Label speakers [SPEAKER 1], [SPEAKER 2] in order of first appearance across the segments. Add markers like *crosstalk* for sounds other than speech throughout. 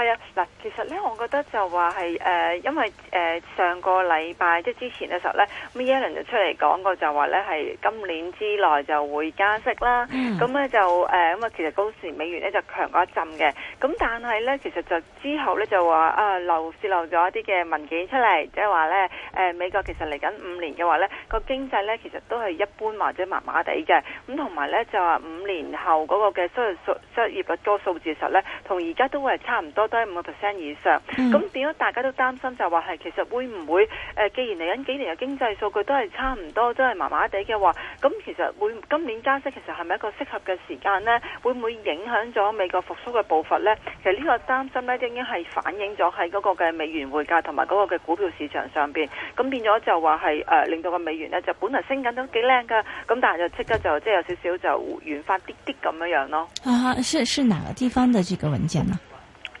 [SPEAKER 1] 係啊，嗱，其實咧，我覺得就話係誒，因為誒、呃、上個禮拜即係之前嘅時候咧，咁耶倫就出嚟講過就呢，就話咧係今年之內就會加息啦。咁、嗯、咧就誒，咁、呃、啊其實當時美元咧就強過一陣嘅。咁但係咧，其實就之後咧就話啊流泄露咗一啲嘅文件出嚟，即係話咧誒美國其實嚟緊五年嘅話咧個經濟咧其實都係一般或者麻麻地嘅。咁同埋咧就話五年後嗰個嘅失失失業率高數字實咧，同而家都會係差唔多。都係五個 percent 以上，咁點解大家都擔心就話係其實會唔會誒、呃，既然嚟緊幾年嘅經濟數據都係差唔多，都係麻麻地嘅話，咁其實會今年加息其實係咪一個適合嘅時間呢？會唔會影響咗美國復甦嘅步伐呢？其實呢個擔心呢，已經係反映咗喺嗰個嘅美元匯價同埋嗰個嘅股票市場上邊，咁變咗就話係誒令到個美元呢，就本嚟升緊都幾靚噶，咁但係就即刻就即係、就是、有少少就軟化啲啲咁樣樣咯。
[SPEAKER 2] 啊，是是哪個地方嘅這個文件呢、啊？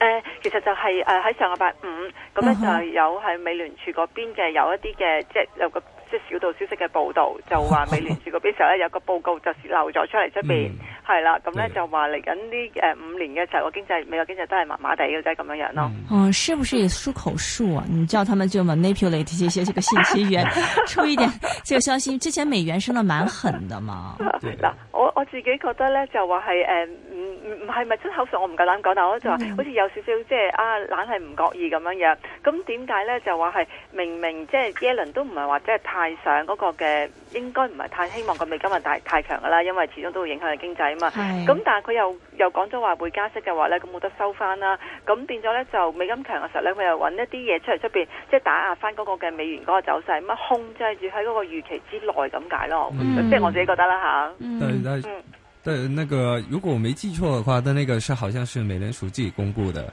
[SPEAKER 1] 誒、呃，其實就係誒喺上個拜五，咁咧就係有喺美聯儲嗰邊嘅有一啲嘅，即、就、係、是、有個即係小道消息嘅報道，就話美聯儲嗰邊時候咧有個報告就洩漏咗出嚟出邊。 *laughs* 嗯係啦，咁咧就話嚟緊
[SPEAKER 2] 呢誒五年嘅就個經濟，美國經濟都係麻麻地嘅啫，咁樣樣咯。嗯，是不是出口術啊？你叫他們就 manipulate 這些這個信息源， *laughs* 出一點 *laughs* 就相信之前美元升得蠻狠的嘛。嗱，
[SPEAKER 1] 嗯，我我自己覺得咧，就話係誒，唔唔係真口術，我唔夠膽講，但我就話好似有少少即係啊，懶係唔覺意咁樣樣。咁點解咧？就話係明明即係耶倫都唔係話即係太想嗰個嘅，應該唔係太希望個美金日太太強噶啦，因為始終都會影響個經濟。咁、 *noise* 嗯嗯、但係佢又又講咗話會加息嘅話咧，咁冇得收翻啦。咁變咗咧就美金強嘅時候咧，佢又揾一啲嘢出嚟出邊，即係打壓翻嗰個嘅美元嗰個走勢，乜控制住喺嗰個預期之內咁解咯。即、嗯、係、就是、我自己覺得啦嚇。但、啊、係，
[SPEAKER 2] 但、嗯、係，那個如果我沒記錯嘅話，但那個是好像是美聯儲自己公布的。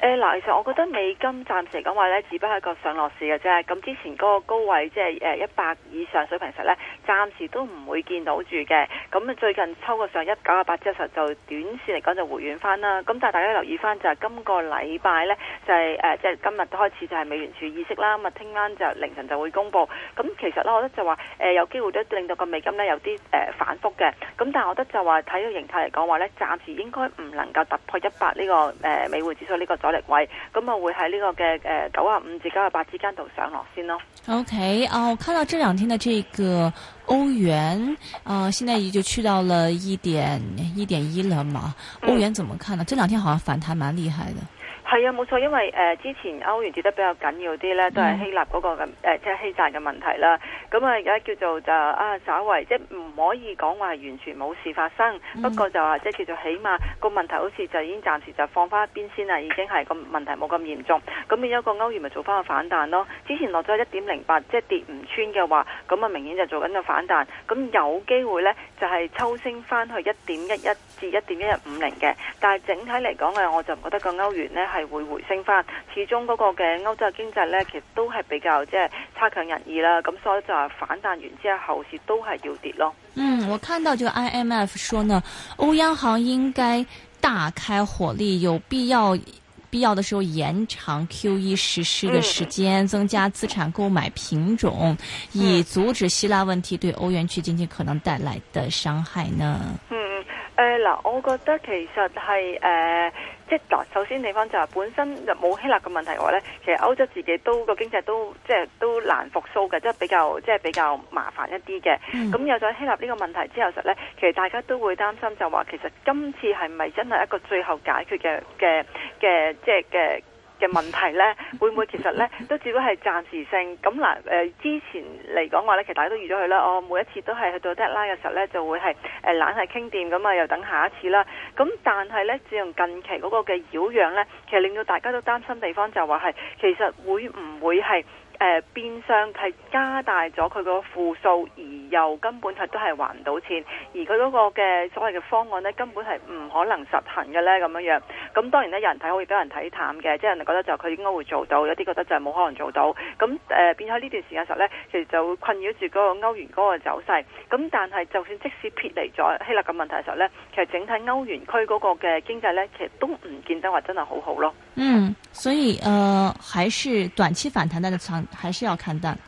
[SPEAKER 2] 誒、呃、嗱，其
[SPEAKER 1] 實我覺得美金暫時嚟講話咧，只不過係一個上落市嘅啫。咁之前嗰個高位即係誒一百以上水平時咧，暫時都唔會見到住嘅。咁啊，最近抽個上一九啊八之後，就短線嚟講就回軟翻啦。咁但係大家留意翻就係今個禮拜咧，就係即係今日開始就係美元儲議息啦。咁啊，聽晚就凌晨就會公布。咁其實咧，我覺得就話、呃、有機會都令到個美金咧有啲、呃、反覆嘅。咁但係我覺得就話睇個形態嚟講話咧，暫時應該唔能夠突破一百呢個、呃、美匯指數呢個力位咁啊，會喺呢個嘅誒九啊五至九啊八之間度上落先咯。
[SPEAKER 2] O K 啊，我看到這兩天的這個歐元啊、呃，現在已經去到了一點一點一了嘛、嗯。歐元怎麼看呢？這兩天好像反彈蠻厲害的。
[SPEAKER 1] 係啊，冇錯，因為誒、呃、之前歐元跌得比較緊要啲咧，都係希臘嗰、那個咁、呃、即係希債嘅問題啦。咁啊，而、呃、家叫做就啊，稍微即係唔可以講話完全冇事發生，不過就話即係叫做起碼個問題好似就已經暫時就放翻一邊先啦，已經係個問題冇咁嚴重。咁而一個歐元咪做翻個反彈咯。之前落咗一點零八，即係跌唔穿嘅話，咁啊明顯就做緊個反彈。咁有機會咧就係抽升翻去一點一一至一點一一五零嘅。但係整體嚟講嘅，我就唔覺得個歐元咧會回升翻，始終嗰個嘅歐洲經濟咧，其實都係比較即係差強人意啦。咁所以就反彈完之後後市都係要跌咯。嗯，
[SPEAKER 2] 我看到這個 IMF 說呢，嗯、歐央行應該大開火力，有必要必要的時候延長 QE 實施的時間，嗯，增加資產購買品種，以阻止希臘問題對歐元區經濟可能帶來的傷害呢。嗯，誒、
[SPEAKER 1] 呃、嗱，我覺得其實係誒。呃即首先地方就係本身就冇希臘嘅問題嘅話咧，其實歐洲自己都個經濟都即係都難復甦嘅，即係比較即係比較麻煩一啲嘅。咁、嗯、有咗希臘呢個問題之後實咧，其實大家都會擔心就話其實今次係咪真係一個最後解決嘅嘅嘅即係嘅。嘅 *laughs* 問題呢，會唔會其實呢都只不過係暫時性？咁嗱，誒、呃、之前嚟講話呢，其實大家都預咗佢啦。我、哦、每一次都係去到 deadline 嘅時候呢，就會係誒懶係傾掂咁啊，又等下一次啦。咁但係呢，只用近期嗰個嘅擾攘呢，其實令到大家都擔心地方就話係其實會唔會係？誒、呃、變相係加大咗佢個負數，而又根本係都係還唔到錢，而佢嗰個嘅所謂嘅方案呢，根本係唔可能實行嘅呢。咁樣樣。咁當然呢，有人睇可以俾人睇淡嘅，即係人哋覺得就佢應該會做到，有啲覺得就係冇可能做到。咁誒、呃，變咗呢段時間時候呢，其實就會困擾住嗰個歐元嗰個走勢。咁但係就算即使撇離咗希臘嘅問題嘅時候呢，其實整體歐元區嗰個嘅經濟呢，其實都唔見得話真係好好咯。嗯，
[SPEAKER 2] 所以誒、呃，還是短期反彈的，還是要看淡。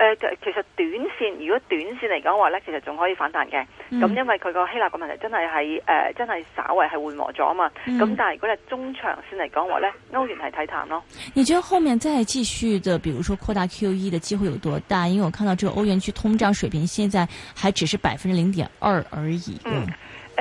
[SPEAKER 1] 誒、呃，其實短線，如果短線嚟講話咧，其實仲可以反彈嘅。咁、嗯、因為佢個希臘個問題真係喺誒，真係稍為係緩和咗啊嘛。咁、嗯、但係如果你中長線嚟講話咧，歐元係睇
[SPEAKER 2] 淡咯。你覺得後面再繼續的，比如說擴大 QE 嘅機會有多大？因為我看到這個歐元區通脹水平現在還只是百分之零點二而已。嗯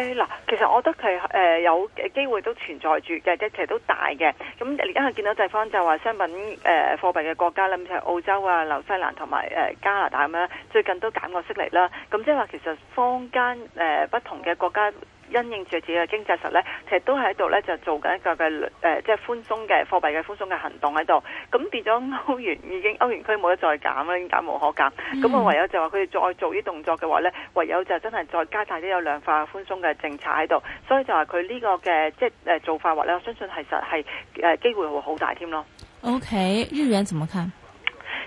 [SPEAKER 1] 嗱，其實我覺得佢誒、呃、有機會都存在住嘅，其實都大嘅。咁而家係見到地方就話，商品誒、呃、貨幣嘅國家，例如澳洲啊、紐西蘭同埋誒加拿大咁樣，最近都減過息率啦。咁即係話，就是、其實坊間誒、呃、不同嘅國家。因應住自己嘅經濟實咧，其實都喺度咧就做緊一個嘅誒，即、呃、係、就是、寬鬆嘅貨幣嘅寬鬆嘅行動喺度。咁變咗歐元已經歐元區冇得再減啦，減無可減。咁、嗯、我唯有就話佢哋再做啲動作嘅話咧，唯有就真係再加大啲有量化寬鬆嘅政策喺度。所以就話佢呢個嘅即係誒做法話咧，我相信是其實係誒、呃、機會會好大添咯。
[SPEAKER 2] OK，日元怎麼看？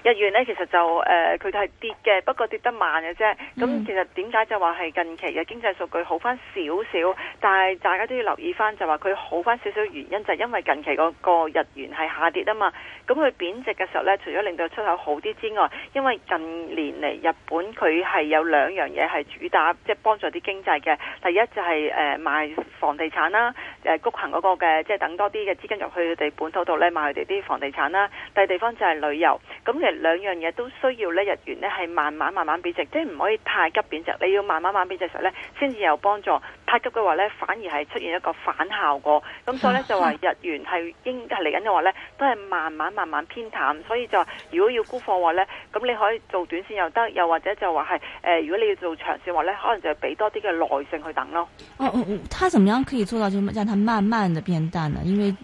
[SPEAKER 1] 日元呢，其實就誒佢係跌嘅，不過跌得慢嘅啫。咁其實點解就話係近期嘅經濟數據好翻少少？但係大家都要留意翻，就話佢好翻少少原因就係因為近期嗰個日元係下跌啊嘛。咁佢貶值嘅時候呢，除咗令到出口好啲之外，因為近年嚟日本佢係有兩樣嘢係主打，即係幫助啲經濟嘅。第一就係誒賣房地產啦，誒谷行嗰個嘅，即係等多啲嘅資金入去佢哋本土度呢，買佢哋啲房地產啦。第二地方就係旅遊，咁兩樣嘢都需要咧，日元咧係慢慢慢慢貶值，即係唔可以太急貶值，你要慢慢慢貶值時咧，先至有幫助。太急嘅話咧，反而係出現一個反效果。咁所以咧就話日元係應係嚟緊嘅話咧，都係慢慢慢慢偏淡。所以就如果要沽貨嘅話咧，咁你可以做短線又得，又或者就話係誒，如果你要做長線的話咧，可能就俾多啲嘅耐性去等咯
[SPEAKER 2] 哦。哦，他怎麼樣可以做到就讓它慢慢的變淡呢？因為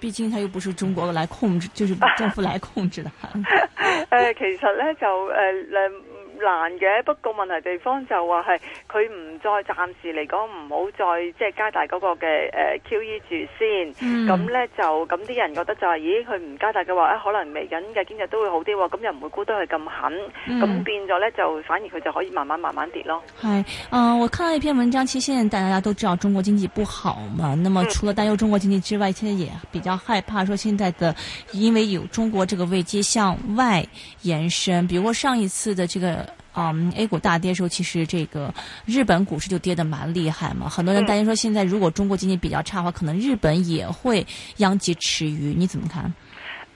[SPEAKER 2] 畢竟他又不是中國來控制，就是政府來控制的。 *laughs* 呃，
[SPEAKER 1] 其實呢，就呃嗯。難嘅，不過問題地方就話係佢唔再暫時嚟講唔好再即係加大嗰個嘅誒 QE 住先，咁咧就咁啲人覺得就係、是、咦佢唔加大嘅話，誒可能嚟緊嘅經濟都、嗯、會好啲喎，咁又唔會沽得佢咁狠，咁、嗯、變咗咧就反而佢就可以慢慢慢慢跌咯。
[SPEAKER 2] 係，嗯，我看到一篇文章，其實現在大家都知道中國經濟不好嘛，那麼除了擔憂中國經濟之外，其實也比較害怕，說現在的因為有中國這個危機向外延伸，比如話上一次的這個。啊，嗯，A 股大跌的時候，其實這個日本股市就跌得蠻厲害嘛。很多人擔心說，現在如果中國經濟比較差的話，可能日本也會殃及池魚。你怎麼看？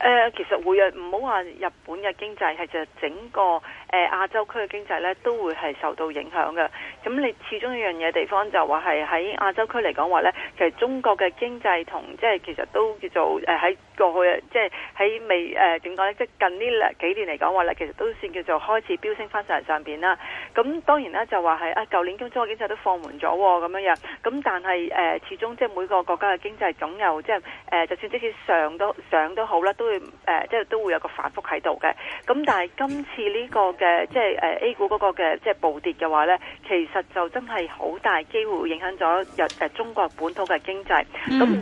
[SPEAKER 1] 呃、其實會日唔好話日本嘅經濟係就係整個誒、呃、亞洲區嘅經濟咧，都會係受到影響㗎。咁你始終一樣嘢地方就話係喺亞洲區嚟講話呢，其實中國嘅經濟同即係其實都叫做誒喺、呃、過去即係喺未誒點講咧，即、呃、係、就係、近呢幾年嚟講話呢，其實都算叫做開始飆升返上上邊啦。咁當然啦，就話係啊，舊年中中國經濟都放緩咗喎、哦。咁樣樣。咁但係誒、呃，始終即係每個國家嘅經濟總有即係誒，就算即使上都，上都好啦，都誒，即係都會有個反覆喺度嘅。咁但係今次呢個嘅即係誒 A 股嗰個嘅即係暴跌嘅話咧，其實就真係好大機會影響咗日誒中國本土嘅經濟。咁、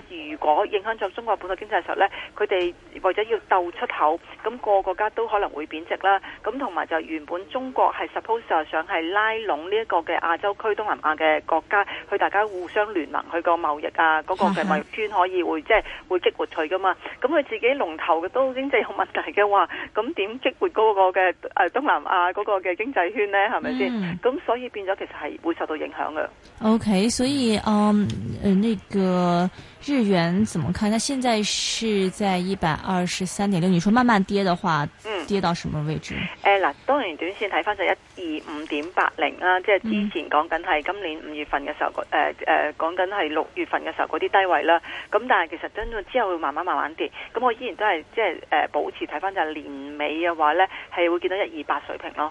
[SPEAKER 1] 嗯、如果影響咗中國本土經濟嘅時候咧，佢哋為咗要鬥出口，咁、個個國家都可能會貶值啦。咁同埋就原本中國係 suppose 想係拉攏呢一個嘅亞洲區東南亞嘅國家，去大家互相聯盟，去個貿易啊嗰個嘅貿易圈可以會即係會激活佢噶嘛。咁佢自己龍頭。都經濟有問題嘅話咁點激活嗰個嘅誒東南亞嗰個嘅經濟圈咧？係咪先？咁、嗯、所以變咗其實係會受到影響嘅。
[SPEAKER 2] OK，所以嗯，誒、um, 呢、呃那個。日元怎麼看？它現在是在一百二十三點六。你說慢慢跌的話，跌到什麼位置？
[SPEAKER 1] 誒、嗯、嗱、呃，當然短線睇返就一二五點八零啦，即係之前講緊係今年五月份嘅時候，誒誒講緊係六月份嘅時候嗰啲低位啦。咁但係其實真之後會慢慢慢慢跌。咁我依然都係即係誒保持睇返就係年尾嘅話咧，係會見到一二八水平咯。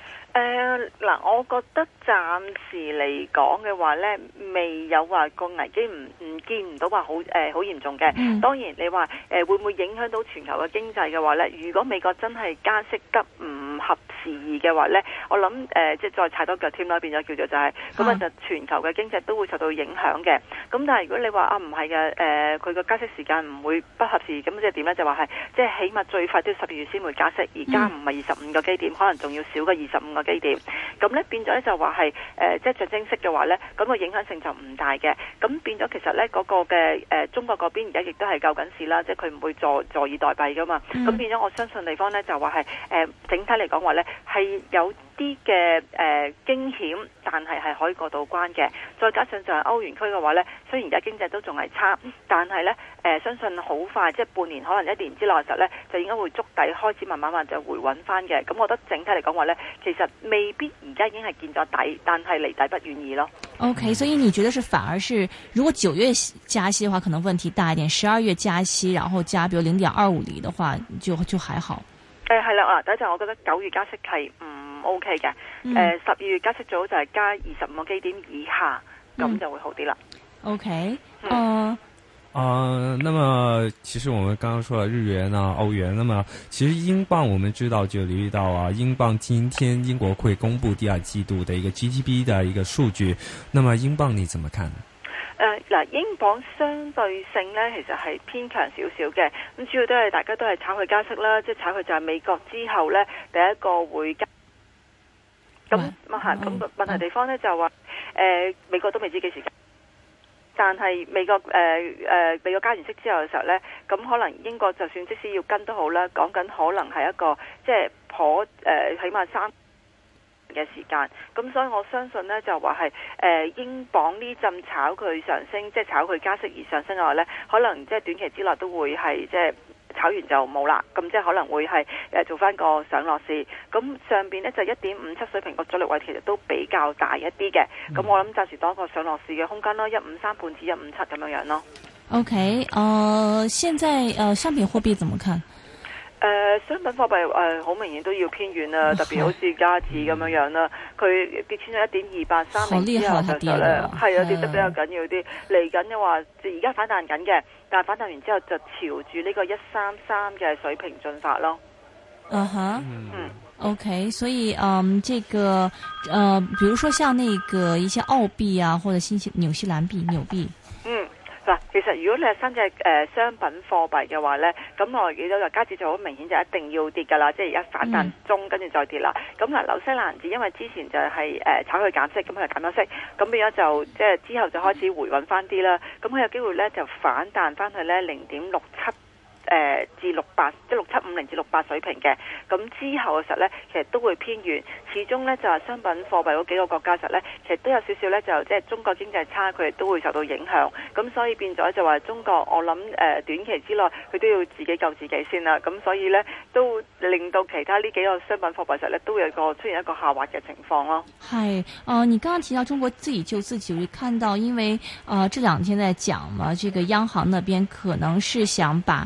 [SPEAKER 1] 誒、呃，嗱，我覺得暫時嚟講嘅話咧，未有話個危機唔唔見唔到話好誒好嚴重嘅。Mm. 當然你話誒、呃、會唔會影響到全球嘅經濟嘅話咧，如果美國真係加息得唔合時宜嘅話咧，我諗誒、呃、即係再踩多腳添啦，變咗叫做就係咁啊，就全球嘅經濟都會受到影響嘅。咁但係如果你話啊唔係嘅，誒佢個加息時間唔會不合時，咁即係點咧？就話係即係起碼最快都要十二月先會加息，而家唔係二十五個基點，可能仲要少過二十五個。基、嗯、點，咁咧變咗咧就話係誒即係象徵式嘅話咧，咁個影響性就唔大嘅。咁變咗其實咧，嗰個嘅中國嗰邊而家亦都係救緊市啦，即係佢唔會坐坐以待斃噶嘛。咁變咗我相信地方咧就話係誒，整體嚟講話咧係有啲嘅誒驚險，但係係可以過到關嘅。再加上就係歐元區嘅話咧，雖然而家經濟都仲係差，但係咧誒，相信好快，即係半年可能一年之內嘅時候咧，就應該會築底開始慢慢慢就回穩翻嘅。咁、嗯、我覺得整體嚟講話咧，其實未必而家已經係見咗底，但係離底不願意咯。
[SPEAKER 2] O、okay, K，所以你覺得是反而是如果九月加息嘅話，可能問題大一點；十二月加息，然後加，比如零點二五厘嘅話，就就還好。
[SPEAKER 1] 誒係啦，啊等一陣，我覺得九月加息係唔。嗯 O K 嘅，誒十二月加息組就係加二十五個基點以下，
[SPEAKER 2] 咁、嗯、就會好啲啦。O K，啊啊，uh, 那麼其實我們剛剛說了日元啊、歐元，那麼其實英鎊我們知道就留意到啊，英鎊今天英國會公布第二季度的一個 GDP 的一個數據，那麼英鎊你怎麼看？
[SPEAKER 1] 誒、uh, 嗱，英鎊相對性呢，其實係偏強少少嘅，咁主要都係大家都係炒佢加息啦，即係炒佢就係美國之後呢，第一個會加。咁啊吓，問題地方呢，就話，誒、呃、美國都未知幾時，但係美國誒誒、呃呃、美國加完息之後嘅時候呢，咁可能英國就算即使要跟都好啦，講緊可能係一個即係、就是、頗誒、呃，起碼三嘅時間。咁所以我相信呢，就話係誒英鎊呢陣炒佢上升，即、就、係、是、炒佢加息而上升嘅話呢，可能即係短期之內都會係即係。就是炒完就冇啦，咁即係可能會係誒、呃、做翻個上落市，咁上邊呢就一點五七水平個阻力位其實都比較大一啲嘅，咁、嗯、我諗暫時多個上落市嘅空間咯，一五三半至一五七咁樣樣咯。
[SPEAKER 2] OK，誒、呃，現在誒商品貨幣怎麼看？
[SPEAKER 1] 誒、呃、商品貨幣誒好、呃、明顯都要偏軟啦，uh-huh. 特別好似加治咁樣樣啦，佢、uh-huh. 跌穿咗一點二八三後之後好厲害就咧、是，係、呃、啊跌得比較緊要啲，嚟緊嘅話，而家反彈緊嘅，但係反彈完之後就朝住呢個一三三嘅水平進發咯。
[SPEAKER 2] Uh-huh. 嗯哼，嗯，OK，所以嗯，這個，呃，譬如說像呢個一些澳幣啊，或者新西紐西蘭幣、紐幣，uh-huh.
[SPEAKER 1] 嗯。嗱，其實如果你係三隻誒、呃、商品貨幣嘅話咧，咁我係幾多個加紙就好明顯就一定要跌㗎啦，即係而家反彈中，嗯、跟住再跌啦。咁嗱、呃，紐西蘭紙因為之前就係、是、誒、呃、炒佢減息，咁佢就減咗息，咁變咗就即係之後就開始回穩翻啲啦。咁、嗯、佢有機會咧就反彈翻去咧零點六七。誒、呃、至六百，即六七五零至六百水平嘅，咁之後嘅時候呢，其實都會偏軟。始終呢，就係商品貨幣嗰幾個國家實呢，其實都有少少呢，就即係中國經濟差，佢哋都會受到影響。咁所以變咗就話中國，我諗誒、呃、短期之內佢都要自己救自己先啦。咁所以呢，都令到其他呢幾個商品貨幣實呢，都有個出現一個下滑嘅情況咯。
[SPEAKER 2] 係、呃，你剛剛提到中國自己救自己，我會看到因為啊、呃，這兩天在講嘛，這個央行那邊可能是想把。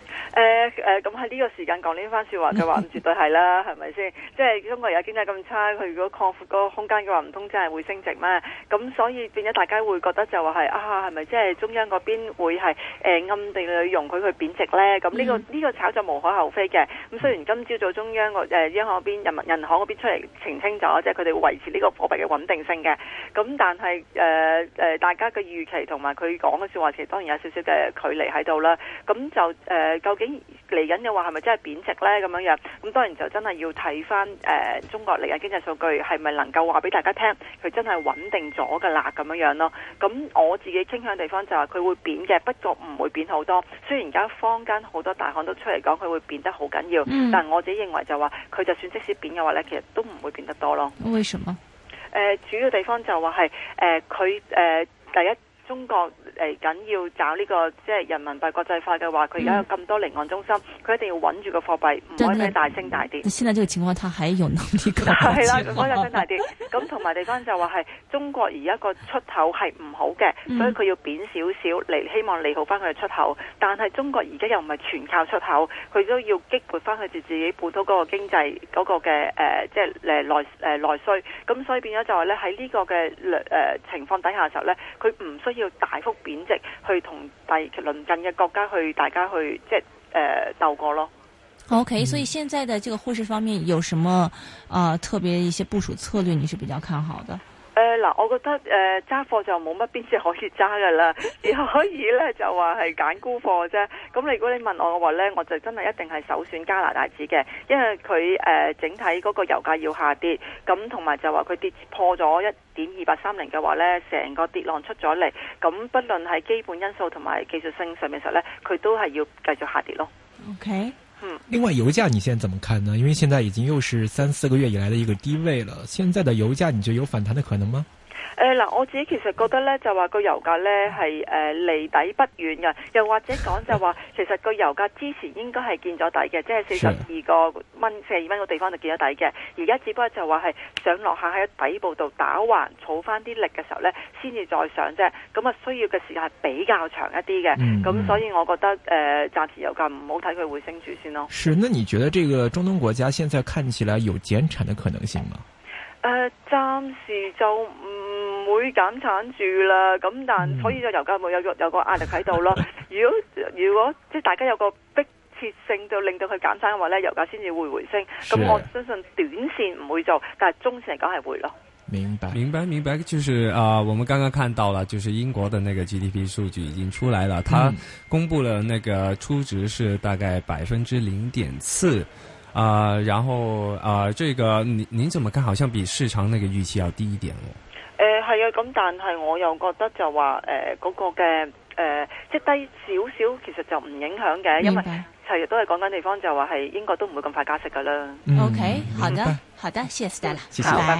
[SPEAKER 1] 誒、呃、誒，咁喺呢個時間講呢番説話就話，絕對係啦，係咪先？即、就、係、是、中國而家經濟咁差，佢如果擴闊個空間嘅話，唔通真係會升值咩？咁所以變咗大家會覺得就係、是、啊，係咪即係中央嗰邊會係、呃、暗地裏容許佢去貶值咧？咁呢、這個呢、這個炒作無可厚非嘅。咁雖然今朝早中央個、呃、央行嗰邊人民銀行嗰邊出嚟澄清咗，即係佢哋會維持呢個貨幣嘅穩定性嘅。咁但係誒誒，大家嘅預期同埋佢講嘅説話，其實當然有少少嘅距離喺度啦。咁就誒。呃究竟嚟緊嘅話係咪真係貶值呢？咁樣樣，咁當然就真係要睇翻誒，中國嚟緊經濟數據係咪能夠話俾大家聽，佢真係穩定咗噶啦？咁樣樣咯。咁我自己傾向地方就話、是、佢會貶嘅，不過唔會貶好多。雖然而家坊間好多大行都出嚟講佢會貶得好緊要、嗯，但我自己認為就話、是、佢就算即使貶嘅話呢，其實都唔會貶得多咯。為什麼、呃？主要地方就話係佢第一。中國誒緊要找呢個即係人民幣國際化嘅話，佢而家有咁多離岸中心，佢一定要穩住個貨幣，唔可以大升大跌。嗯、現
[SPEAKER 2] 在呢個情況，佢係有能力嘅。係 *laughs* 啦，唔可以大
[SPEAKER 1] 升大跌。咁同埋地方就話係中國而家個出口係唔好嘅，所以佢要貶少少嚟希望利好翻佢嘅出口。但係中國而家又唔係全靠出口，佢都要激活翻佢哋自己本土嗰個經濟嗰、嗰個嘅誒、呃，即係誒內誒內需。咁、嗯、所以變咗就話咧喺呢個嘅誒、呃、情況底下嘅時候咧，佢唔需。要大幅貶值去同第鄰近嘅國家去大家去即係誒鬥過咯。
[SPEAKER 2] OK，所以現在的這個匯市方面有什麼啊、呃、特別一些部署策略？你是比較看好的？
[SPEAKER 1] 誒，嗱，我覺得誒揸、呃、貨就冇乜邊隻可以揸噶啦，只可以咧就話係揀沽貨啫。咁你如果你問我嘅話咧，我就真係一定係首選加拿大紙嘅，因為佢誒、呃、整體嗰個油價要下跌，咁同埋就話佢跌破咗一點二八三零嘅話咧，成個跌浪出咗嚟，咁不論係基本因素同埋技術性上面嘅時候咧，佢都係要繼續下跌
[SPEAKER 2] 咯。OK。嗯，另外，油價你現在怎麼看呢？因為現在已經又是三四個月以來的一個低位了，現在的油價你覺得有反彈的可能嗎？
[SPEAKER 1] 誒、呃、嗱，我自己其實覺得咧，就話個油價咧係誒離底不遠嘅，又或者講就話，其實個油價之前應該係見咗底嘅，即係四十二個蚊、四十二蚊個地方就見咗底嘅，而家只不過就話係上落下喺底部度打橫儲翻啲力嘅時候咧，先至再上啫，咁啊需要嘅時間係比較長一啲嘅，咁、嗯、所以我覺得誒、呃、暫時油價唔好睇佢會升住先咯。
[SPEAKER 2] 是，那你覺得這個中東國家現在看起來有減產的可能性嗎？
[SPEAKER 1] 誒、呃，暫時就唔會減產住啦，咁但所以就油價會有有，有個壓力喺度咯 *laughs* 如，如果如果即係大家有個迫切性，就令到佢減產嘅話咧，油價先至會回升。咁我相信短綫唔會做，但係中綫嚟講係會咯。
[SPEAKER 2] 明白，明白，明白，就是啊、呃，我們剛剛看到了，就是英國的那個 GDP 數據已經出來了，嗯、它公布了那個初值是大概百分之零點四。啊、呃，然後啊、呃，這個您您怎麼看？好像比市場那個預期要低一點咯。誒
[SPEAKER 1] 係啊，咁但係我又覺得就話誒嗰個嘅誒、呃、即係低少少，其實就唔影響嘅，因為成日都係講緊地方就話係英國都唔會咁快加息噶啦。OK，好的，好的，謝謝 Stella，謝謝 Bye. Bye.